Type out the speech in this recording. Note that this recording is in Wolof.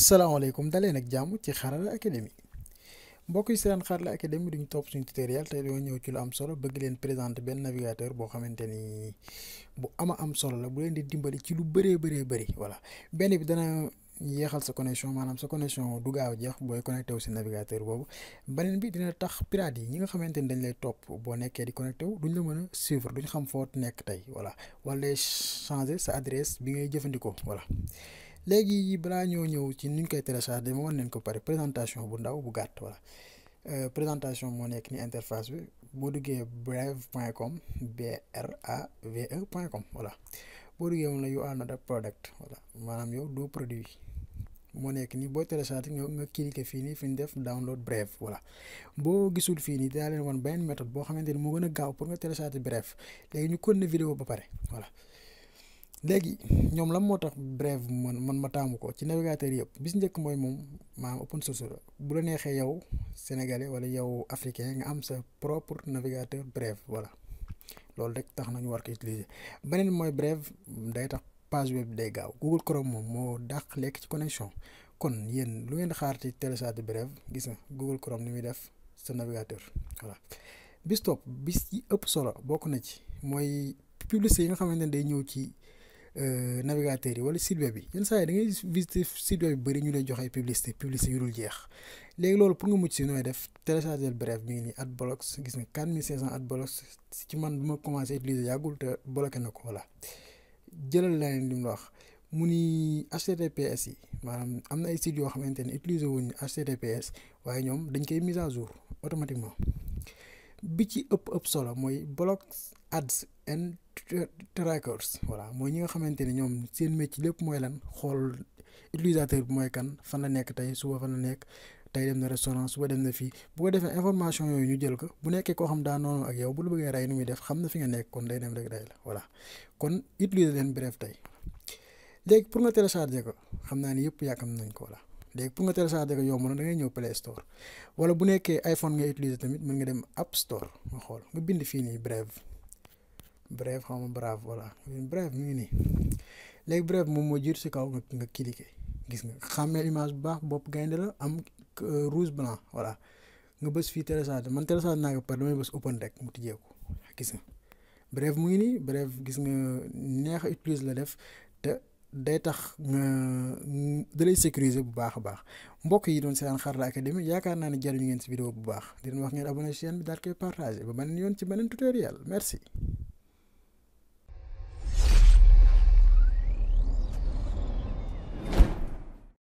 salaamaaleykum daleen ak jàmm ci xarala académie mbokk yi seen xarala académie duñu topp suñu tutoriel te doo ñëw ci lu am solo bëgg leen présenter benn navigateur boo xamante ni bu ama am solo la bu leen di dimbali ci lu bëree bëree bëri voilà benn bi dana yéexal sa connexion maanaam sa connexion du gaaw jeex booy connecté wu si navigateur boobu beneen bi dina tax pirate yi ñi nga xamante ni dañ lay topp boo nekkee di connecté wu duñ la mën a suivre duñu xam foo nekk tey voilà wala changer sa adresse bi ngay jëfandikoo voilà. léegi balaa ñoo ñëw ci nuñ koy télécharger moo war nañ ko pare présentation bu ndaw bu gàtt voilà euh, présentation moo nekk ni interface bi boo duggee brave point com b r a v e point com voilà boo duggee moom la you maanaam yow doo produit moo nekk nii boo télécharger nga nga cliquer fii nii fi ñu def download bref voilà boo gisul fii nii dinaa leen wan benn méthode boo xamante ni moo gën a gaaw pour nga télécharger bref léegi ñu ko continuer vidéo ba pare voilà léegi ñoom lan moo tax Brave man man ma taamu ko ci navigateur yëpp bis njëkk mooy moom maanaam open source la bu la neexee yow sénégalais wala yow africain nga am sa propre navigateur Brave voilà loolu rek tax nañu war ko utiliser beneen mooy breve day tax page web day gaaw Google Chrome moom moo dàq lekk ci connexion kon yéen lu ngeen xaar ci télécharge Brave gis na Google Chrome ni muy def sa navigateur voilà bis topp bis yi ëpp solo bokk na ci mooy publicité yi nga xamante ne day ñëw ci. Euh, navigateurs yi wala site web bi yenn saa yi da bëri ñu lay jox ay publicité publicité yu dul jeex léegi loolu pour nga mucc si nooy def télécharger bref mi ngi nii Adblock gis nga 4500 Adblock ci man bu ma commencé utiliser yàggul te bloqué na ko la jëlal la leen li mu wax mu ni HTTPS yi maanaam am na ay sites yoo xamante ne utiliser wuñu HTTPS waaye ñoom dañ koy mise à jour automatiquement bi ci ëpp ëpp solo mooy block ads. and trackers voilà mooy ñi nga xamante ne ñoom seen métier lépp mooy lan xool utilisateur bi mooy kan fan la nekk tey suba fan la nekk tey dem na restaurant suba dem na fii bu ko defee information yooyu ñu jël ko bu nekkee koo xam daa noonu ak yow bu la bëggee rey nu muy def xam na fi nga nekk kon day dem rek rey la voilà kon utiliser leen bref tey léegi pour nga télécharger ko xam naa ni yëpp yàkkam nañ ko voilà léegi pour nga télécharger ko yomb na da ngay ñëw Play Store wala bu nekkee iPhone nga utiliser tamit mën nga dem App Store nga xool nga bind fii nii bref bref xawma brave voilà bref mi ngi nii léegi bref moom moo jiitu si kaw nga nga cliqué gis nga xàmmee image bu baax bopp gaynde la am euh, rouge blanc voilà nga bës fii télécharge man télécharge naa ko par damay bës open rek mu tijjeeku gis nga bref mu ngi nii bref gis nga neex a utilise la def te day tax nga da lay sécuriser bu baax a baax mbokk yi doon seetaan Xarala académie yaakaar naa ne jariñu ngeen si vidéo bu baax di leen wax ngeen abonné chaîne bi daal koy partager ba beneen yoon ci beneen tutoriel merci